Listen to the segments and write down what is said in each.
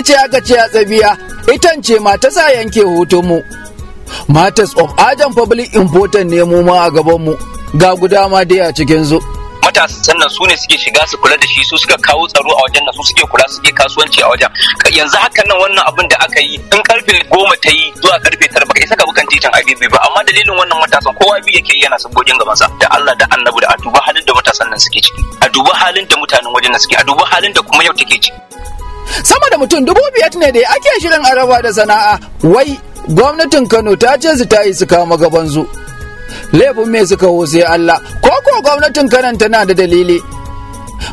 ice aka ce a tsabiya itan ce mata sa yanke hotonmu. matas of ajan public important ne mu ma a gabanmu ga guda ma dai a cikin zo. matasan nan su ne suke shiga su kula da shi su suka kawo tsaro a wajen nan su suke kula suke kasuwanci a wajen yanzu hakan nan wannan abin da aka yi in karfe goma ta yi zuwa karfe tara baka isa ka bukan titin abibi ba amma dalilin wannan matasan kowa bi yake yana sabogin gabansa da Allah da Annabi da a duba halin da matasan nan suke ciki a duba halin da mutanen wajen nan suke a duba halin da kuma yau take ciki sama da mutum dubu biyar ne da ake shirin araba da sana'a wai gwamnatin kano ta ce su ta yi su kama gabanzu laifin me suka sai allah ko ko gwamnatin kanan tana da dalili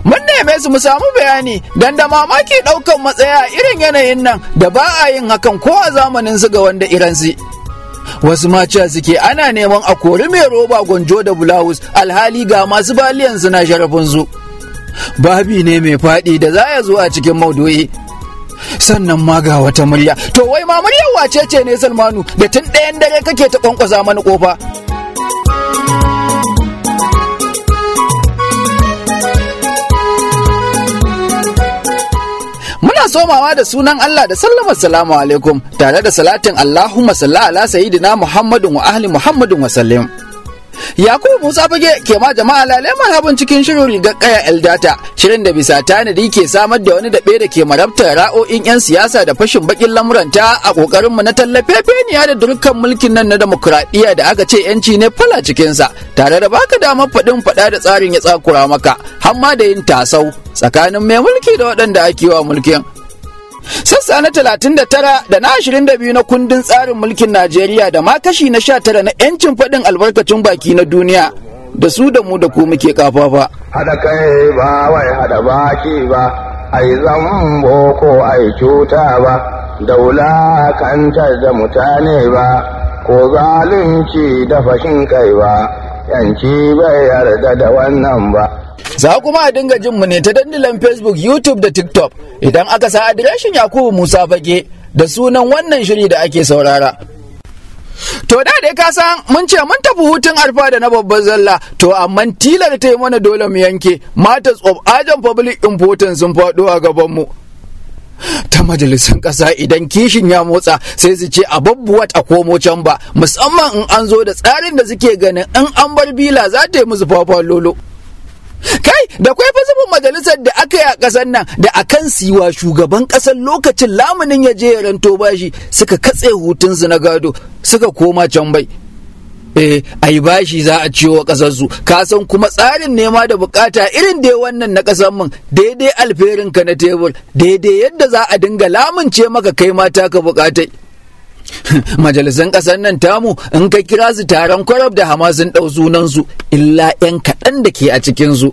mun neme su mu samu bayani don da mamaki ɗaukan matsaya irin yanayin nan da ba a yin hakan ko a zamanin su ga wanda iran su. wasu mace suke ana neman a kori mai roba gwanjo da bulawus alhali ga masu baliyan suna sharafin su. babi ne mai faɗi da za ya zo a cikin maudu'i sannan ma ga wata murya to wai ma muryar wace ce ne salmanu da tun ɗayan dare kake ta kwankwasa mani kofa muna somawa da sunan Allah da sallama salamu alaikum tare da salatin Allahumma salla ala sayyidina Muhammadin wa ahli Muhammadin wa sallim Yakubu Musa Fage ke ma jama'a lalai marhaban cikin shirin rigar kaya Eldata, shirin da bisa tanadi ke samar da wani daɓe da ke marabtar ra'o'in 'yan siyasa da fashin bakin lamuranta a ƙoƙarin mu na tallafefeniya da dukkan mulkin nan na demokuraɗiyya da aka ce 'yanci ne fala cikinsa, tare da baka damar faɗin faɗa da tsarin ya tsakura maka, hamma da yin tasau tsakanin mai mulki da waɗanda ake wa mulkin. Sassa na 39 da na 22 na kundin tsarin mulkin Najeriya da ma kashi na 19 na 'yancin faɗin albarkacin baki na duniya da su da mu da ku muke kafafa. Hada kai ba wai hada baki ba, ai zaman boko ai cuta ba, da kantar da mutane ba, ko zalunci da fashin kai ba, yanci bai yarda da wannan ba. Za kuma a dinga jin mu ne ta dandalin Facebook, YouTube da TikTok idan aka sa adireshin Yakubu Musa Fage da sunan wannan shiri da ake saurara. To da dai ka san mun ce mun tafi hutun alfa da na babban zalla to amma tilar ta yi mana dole mu yanke matas of agent public importance sun faɗo a gaban mu. ta majalisar ƙasa idan kishin ya motsa sai su ce a babbuwat a komo can ba musamman in an zo da tsarin da suke ganin in an bar bila za ta yi musu fafan lolo. kai da kwai fa zubin majalisar da aka yi a ƙasar nan da a kan siwa shugaban ƙasar lokacin lamunin ya je ranto bashi suka katse hutunsu na gado suka koma can bai eh ai bashi za a ciwo ƙasarsu ka san kuma tsarin nema da bukata irin dai wannan na ƙasar mun daidai alferin ka na tebur daidai yadda za a dinga lamunce maka kai mata ka bukatai majalisan ƙasar nan tamu in ka kira su taron kwarab da hamasin ɗau sunansu illa 'yan kaɗan da ke a cikinsu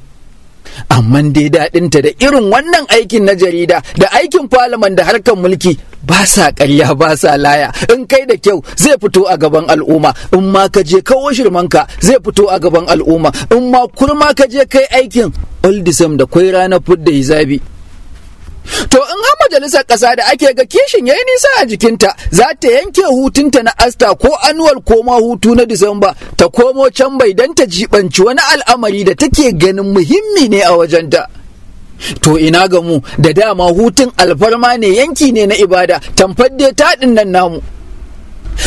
amma dai daɗinta da irin wannan aikin na jarida da aikin falaman da harkar mulki ba sa ƙarya ba sa laya in kai da kyau zai fito a gaban al'umma in ma ka je kawo shirmanka zai fito a gaban al'umma in ma kurma ka je kai aikin oldisam da kwai ranar fudda hizabi To in har majalisar ƙasa da ake ga kishin yayi nisa a jikinta za ta yanke hutunta na asta ko anuwal ma hutu na Disamba ta komo can bai don ta jibanci wani al'amari da take ganin muhimmi ne a wajenta. To ina ga mu da dama hutun alfarma ne yanki ne na ibada tamfar dai taɗin nan namu.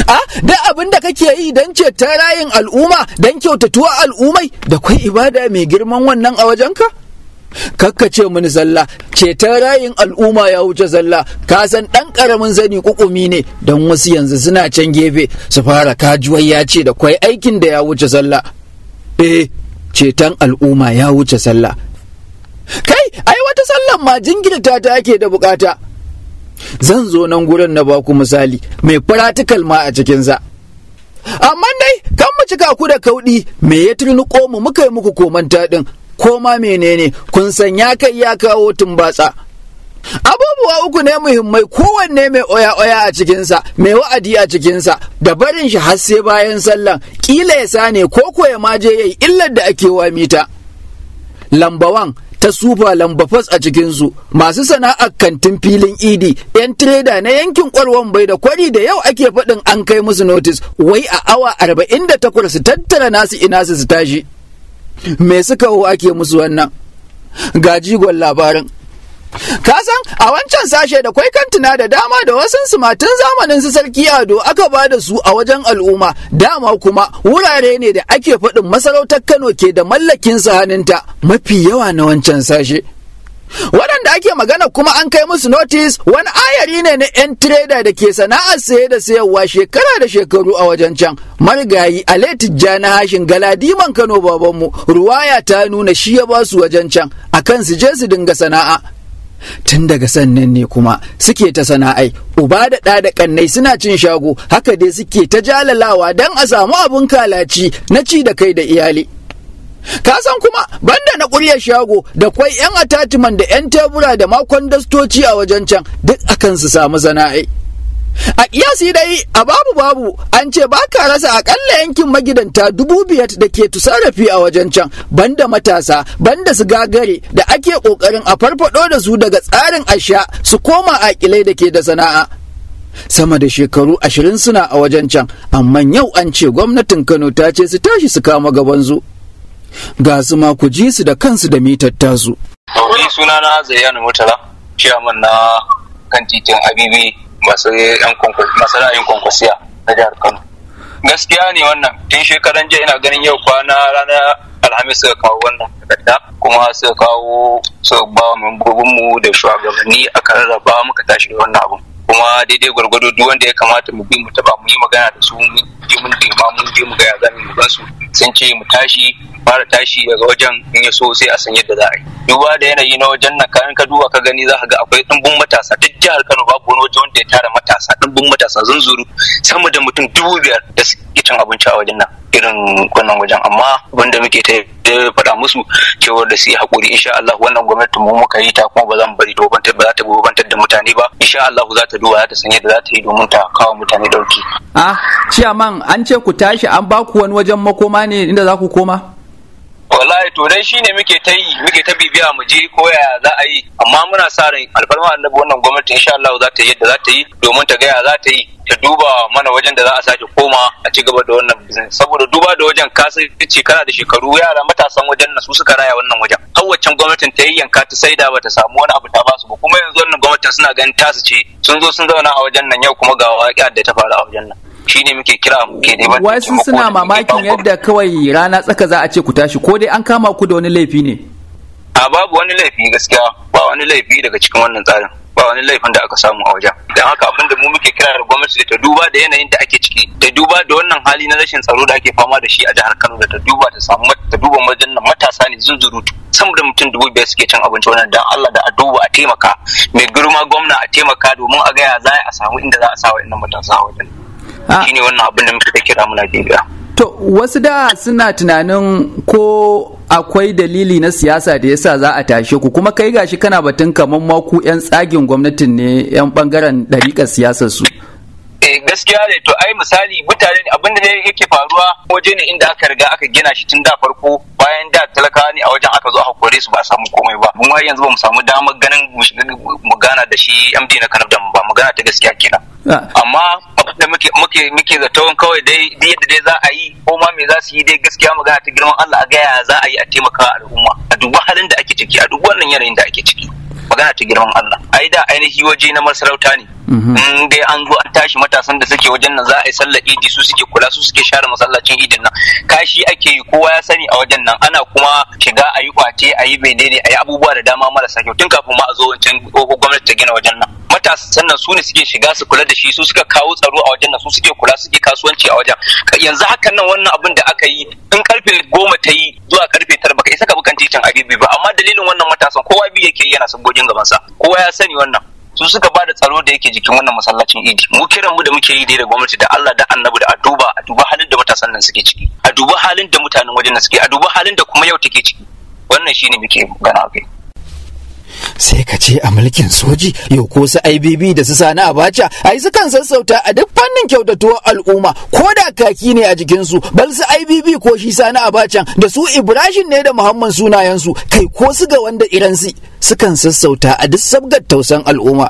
A ah, da abin da kake yi don ceton rayin al'umma don kyautatuwa al'ummai da kwai ibada mai girman wannan a wajenka? ka? kakkace mini zalla ceton rayin al'umma ya wuce zalla ka san ɗan karamin zani kukumi ne don wasu yanzu suna can gefe su fara kajuwar ya ce da kwai aikin da ya wuce zalla eh ceton al'umma ya wuce sallah kai ai wata sallan ma jingirta ta ake da bukata zan zo nan gurin na baku misali mai practical ma a cikinsa amma dai kan mu cika ku da kauɗi me ya turnuƙo mu muka yi muku koman taɗin ko ma menene kun san ya kai ya kawo tumbatsa abubuwa uku ne muhimmai kowanne mai oya-oya a cikinsa mai wa'adi a cikinsa da barin shi har sai bayan sallan kila ya sane ko ko ya maje yayi illar da ake wa mita lambawan ta sufa fas a cikin su. masu sana'ar kantin filin idi 'yan tireda na yankin kwalwan bai da kwari da yau ake faɗin an kai musu notis wai a awa 48 su tattara nasu ina su tashi me suka ake musu wannan ga jigon labarin ka san a wancan sashe da kwai kantuna da dama da wasu sumatun zamanin su sarki ado aka ba da su a wajen al'umma dama kuma wurare ne da ake faɗin masarautar kano ke da mallakin sahaninta mafi yawa na wancan sashe da ake magana kuma an kai musu notice wani ayari ne na 'yan tireda da ke sana'ar saye da sayarwa shekara da shekaru a wajen can. Marigayi Ale jana Hashin Galadiman Kano babanmu ruwaya ta nuna shi ya ba su wajen can akan su je su dinga sana'a. Tun daga sannan ne kuma suke ta sana'ai, uba da ɗa da ƙannai suna cin shago, haka dai suke ta jalalawa don a samu abin kalaci na ci da kai da iyali. ka san kuma banda na ƙurya shago da kwai yan atatiman da yan tebura da makon dastoci a wajen can duk akan su samu sana'a. a kiyasi dai a babu babu an ce ba ka rasa akalla yankin magidanta dubu biyar da ke tusarafi a wajen can banda matasa banda su gagare da ake kokarin a farfaɗo da su daga tsarin asha su koma aƙilai da ke da sana'a sama da shekaru ashirin suna a wajen can amma yau an ce gwamnatin kano ta ce su tashi su kama gaban ga su ma ku ji su da kansu da mitar tasu. Ni suna na Zayyanu Murtala, ciyaman na kan titin Abibi masu ra'ayin kwankwasiya na jihar Kano. Gaskiya ne wannan tun shekaran jiya ina ganin yau kwana rana Alhamis suka kawo wannan takarda kuma suka kawo su ba mu da shugabanni a kan raba muka tashi da wannan abu. kuma daidai gwargwado duk wanda ya kamata mu bi mu taba mu yi magana da su mu je mun nema mun je mu ga ya zamu mu su sun ce mu tashi fara tashi daga wajen in ya so sai a san yadda za a yi duba da yanayi na wajen nan kayan ka duba ka gani za ka ga akwai ɗumbin matasa duk jihar Kano babu wani waje wanda ya tara matasa ɗumbin matasa zunzuru sama da mutum dubu biyar da suke cin abinci a wajen nan irin wannan wajen amma wanda muke ta faɗa musu cewar da su yi haƙuri insha Allah wannan gwamnati mu muka yi ta kuma ba zan bari ba za ta gobantar da mutane ba insha Allah za ta duba za ta san yadda za ta yi domin ta kawo mutane dauki. Ah, ciyaman an ce ku tashi an ba wani wajen makoma ne inda za ku koma? wallahi to dai shine muke ta yi muke ta bibiya mu je ko yaya za a yi amma muna sa ran alfarma annabi wannan gwamnati insha Allah za ta yi yadda za ta yi domin ta gaya za ta yi ta duba mana wajen da za a sake koma a ci gaba da wannan business saboda duba da wajen kasa ce kana da shekaru yara matasan wajen na su suka raya wannan wajen awwacin gwamnatin ta yi yanka ta saida ba ta samu wani abu ta basu ba kuma yanzu wannan gwamnatin suna ganin tasu ce sun zo sun zauna a wajen nan yau kuma ga waƙiyar da ta faru a wajen nan Shi ne muke kira muke neman wasu suna mamakin yadda kawai rana tsaka za a ce ku tashi ko dai an kama ku da wani laifi ne a babu wani laifi gaskiya ba wani laifi daga cikin wannan tsarin ba wani laifin da aka samu a wajen don haka abin da mu muke kira da gwamnati ta duba da yanayin da ake ciki ta duba da wannan hali na rashin tsaro da ake fama da shi a jihar Kano da ta duba ta samu ta duba wajen nan matasa ne zunzurutu sama da mutum dubu biyar suke cin abinci wannan dan Allah da a duba a taimaka mai girma gwamna a taimaka domin a gaya za a samu inda za a sa wa matasa a wajen Ah. shine wannan abin da muke kira mu Najeriya to wasu da suna tunanin ko akwai dalili na siyasa da yasa za a tashe ku kuma kai gashi kana batun kamar maku yan tsagin gwamnatin ne yan bangaren dariƙar siyasar su Eh, gaskiya ne to ai misali mutane abin da yake faruwa waje ne inda aka riga aka gina shi tun da farko bayan da talaka ne a wajen aka zo aka kore su ba samu komai ba mun har yanzu ba mu samu damar ganin mu gana da shi MD na da ba mu gana ta gaskiya kenan ah. amma abin da muke muke muke zaton kawai dai yadda dai za a yi ko ma me za su yi dai gaskiya magana ta girman Allah a ga ya za a yi a taimaka al'umma a duba halin da ake ciki a duba wannan yanayin da ake ciki magana ta girman Allah ai da ainihi waje na masarauta ne in dai an zo an tashi matasan da suke wajen nan za a yi sallar idi su suke kula su suke share masallacin idin nan kashi ake yi kowa ya sani a wajen nan ana kuma shiga a yi kwace a yi menene a yi abubuwa da dama marasa kyau tun kafin ma a zo wancan gwamnati ta gina wajen nan matasan nan su ne suke shiga su kula da shi su suka kawo tsaro a wajen nan su suke kula suke kasuwanci a wajen yanzu hakan nan wannan abin da aka yi in karfe goma ta yi zuwa karfe tara baka isa ka bukan titin abibi ba amma dalilin wannan matasan kowa bi yake yana sabogin gabansa kowa ya sani wannan su suka ba da tsaro da yake jikin wannan masallacin idi mu kiran mu da muke yi da gwamnati da Allah da annabi da a duba a duba halin da matasan nan suke ciki a duba halin da mutanen wajen nan suke a duba halin da kuma yau take ciki wannan shine muke gana kai sai ka ce a mulkin soji yau ko su IBB da su sani abacha ai sukan sassauta a duk fannin kyautatuwar al'umma ko da kaki ne a jikinsu bal su IBB ko shi sani abacan da su Ibrahim ne da Muhammad sunayensu kai ko su ga wanda Su sukan sassauta a duk sabgar tausan al'umma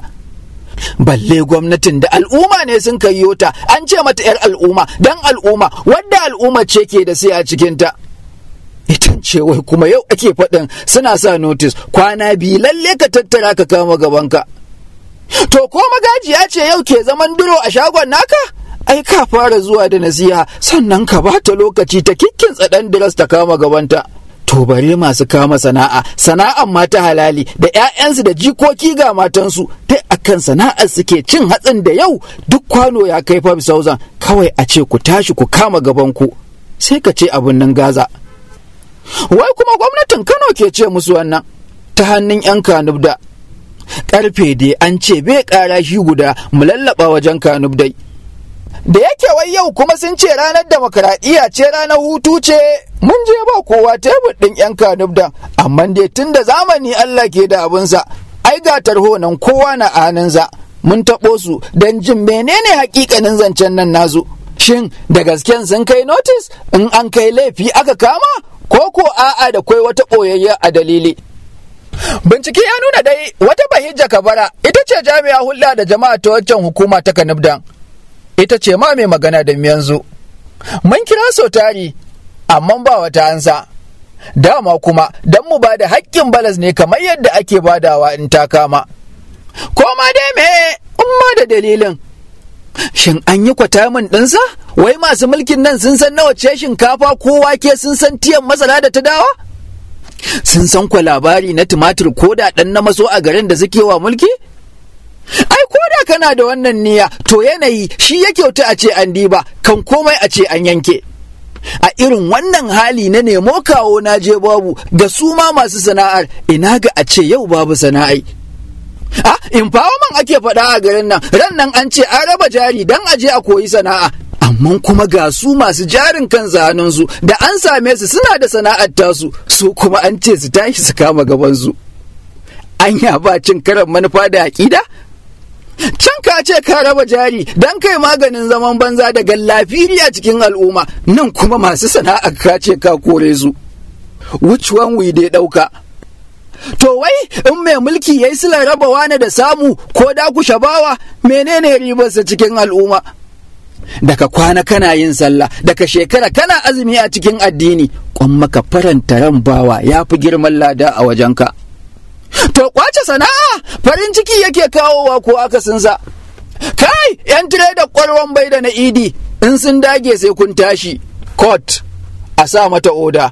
balle gwamnatin da al'umma ne sun kayyota an ce mata 'yar al'umma dan al'umma wadda al'umma ce ke da sai a cikinta itan ce wai kuma yau ake faɗin suna sa notis kwana biyu lalle ka tattara ka kama gabanka to ko magajiya ce yau ke zaman duro a shagon naka ai ka fara zuwa da nasiha sannan ka ba ta lokaci ta kikkin tsadan diras ta kama gabanta to bare masu kama sana'a sana'an mata halali da 'ya'yansu da jikoki ga matansu dai akan sana'ar suke cin hatsin da yau duk kwano ya kai 5000 kawai a ce ku tashi ku kama gabanku sai ka ce abin nan gaza wai kuma gwamnatin kano ke ce musu wannan ta hannun 'yan kanubda karfe dai an ce bai kara shi guda mu lallaba wajen kanubdai da yake wai yau kuma sun ce ranar demokaradiyya ce ranar hutu ce mun je ba kowa tebur ɗin 'yan kanubda, amma dai tun da zamani allah ke da abinsa ai ga tarho nan kowa na aninsa mun taɓo su don jin menene hakikanin zancen nan nazo. shin da gasken sun kai notis in an kai laifi aka kama ko ko a'a da kwai wata ɓoyayya a dalili Bincike ya nuna dai wata bahijja kabara ita ce jami'a hulɗa da jama'a ta waccan hukuma ta Kanibdan. Ita ce ma mai magana da yanzu. Mun kira so amma ba wata ansa. Dama kuma don mu ba da haƙƙin balas ne kamar yadda ake badawa in ta kama. Ko ma dai me in ma da dalilin Shin an yi kwatamin ɗinsa? Wai masu mulkin nan sun san nawa ce shinkafa ko wake sun san tiyan masara da ta dawa? Sun san kwa labari na tumatir ko da ɗan na maso a garin da suke wa mulki? Ai ko da kana da wannan niyya to yanayi shi ya kyauta a ce an diba kan komai a ce an yanke. a irin wannan hali na nemo kawo na je babu ga su ma masu sana'ar ina ga a ce yau babu sana'ai a ah, empowerment ake faɗa a garin nan ran nan an ce an raba jari dan je a koyi sana'a amma kuma ga su masu jarin kan zanensu da an same su suna da sana'ar tasu su kuma an ce su tashi su kama gabansu anya ba cin karan manufa da aƙida can ka ce ka raba jari don kai maganin zaman banza da gallafiri a cikin al'umma nan kuma masu sana'ar ka ce ka kore su which one we dai ɗauka to wai in mai mulki ya yi silar rabawa ne da samu ko da ku shabawa menene ribarsa cikin al'umma daga kwana kana yin sallah daga shekara kana azumi a cikin addini kwan maka faranta ran bawa ya fi girman lada a wajenka to kwace sana'a farin ciki yake kawowa ko akasinsa kai yan tire da kwarwan bai da na idi in sun dage sai kun tashi court a sa mata oda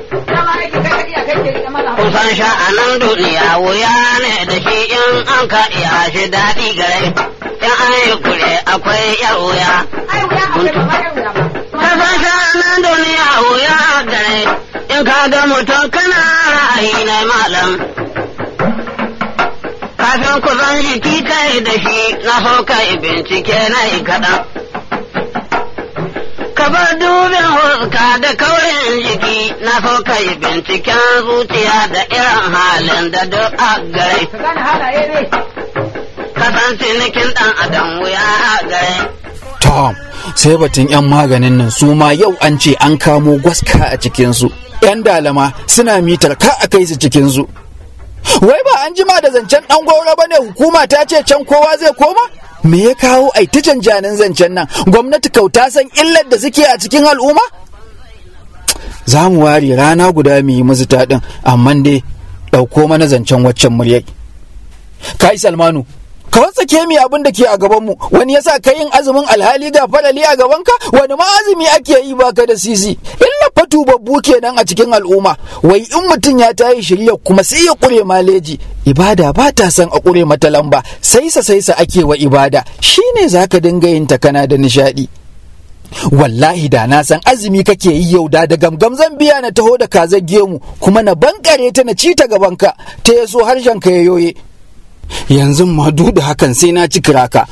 Kusan sha'anin duniya wuya ne da shi in an ka iya shi daɗi gare, in an yi kure akwai yar wuya. Kusan sha'anin duniya wuya gare, in ka ga mutum kana ra'ayi na malam. kafin kusan zan jiki kai da shi na so kai bincike na yi kaɗan. ka bar dubin da kaurin jiki na so ka yi binciken zuciya da irin halin da duk a gare. Kasan cinikin ɗan adam wuya a gare. Tom, sai batun 'yan maganin nan su ma yau an ce an kamo gwaska a cikinsu. 'Yan dalama suna mitar ka a kai su cikinsu. Wai ba an jima da zancen ɗan gwauro ba ne hukuma ta ce can kowa zai koma? me ya kawo ai ta canjanin zancen nan gwamnati kauta san illar da suke a cikin al'umma za mu ware rana guda mu yi musu taɗin amma dai ɗauko mana zancen waccan muryai kai salmanu ka wasake mi abin da ke a gabanmu wani yasa ka yin azumin alhali ga falali a gabanka wani ma azumi ake yi baka da sisi tubabbu kenan a cikin al'umma wai in mutum ya tayi shirya kuma sai ya kure maleji ibada ba ta san a kure mata lamba sai sai sa ake wa ibada shine zaka dinga yin ta kana da nishadi wallahi da na san azumi kake yi yau da gamgam zan biya na taho da kazar gemu kuma na bankare ta na ci ta gabanka ta yaso harshen ka yoye yanzu ma duda hakan sai na ci kiraka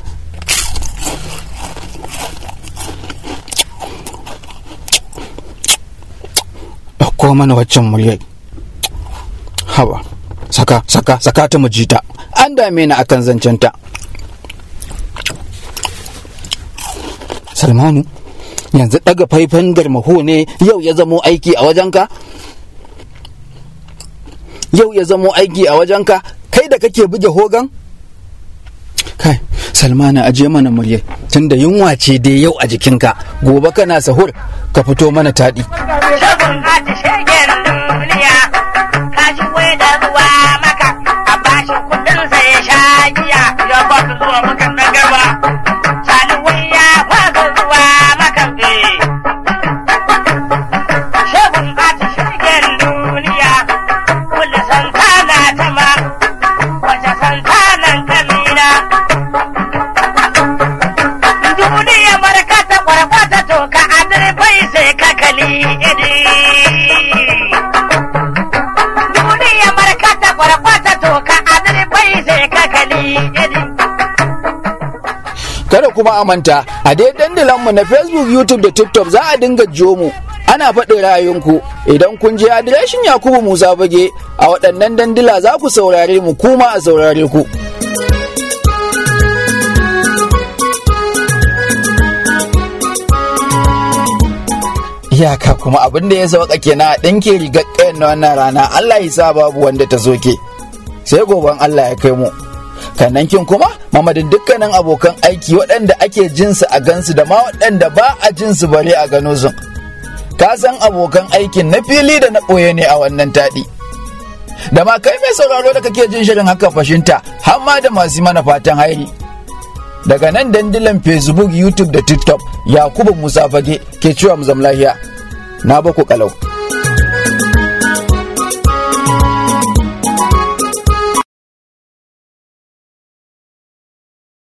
Ko mana waccan muryai hawa saka saka saka ta mujita an dame ni akan zancenta salmanu yanzu daga faifan garmaho ne yau ya zamo aiki a wajenka yau ya zamo aiki a wajenka kai da kake buge hogan kai salmana aje mana murye tunda yunwa ce dai yau a jikinka gobe kana sahur ka fito mana taɗi Kada kuma a manta a dai mu na Facebook, YouTube da TikTok za a dinga jiyo mu ana faɗi ra'ayinku idan kun je adireshin Yakubu Musa Bage a waɗannan dandila za ku saurare mu kuma a saurare ku. iyaka kuma abin da ya sauka kenan a ɗinke rigar kayan wannan rana Allah ya sa babu wanda ta soke sai goban Allah ya kai mu. sannan kin kuma mamadin dukkanin abokan aiki waɗanda ake jinsu a gansu da ma waɗanda ba a jinsu bare a gano sun ka san abokan aikin na fili da na ɓoye ne a wannan taɗi da ma kai mai sauraro da kake jin shirin haka fashinta har ma da masu mana fatan hairi daga nan dandilan facebook youtube da tiktok yakubu musa fage ke cewa mu zam lahiya na baku kalau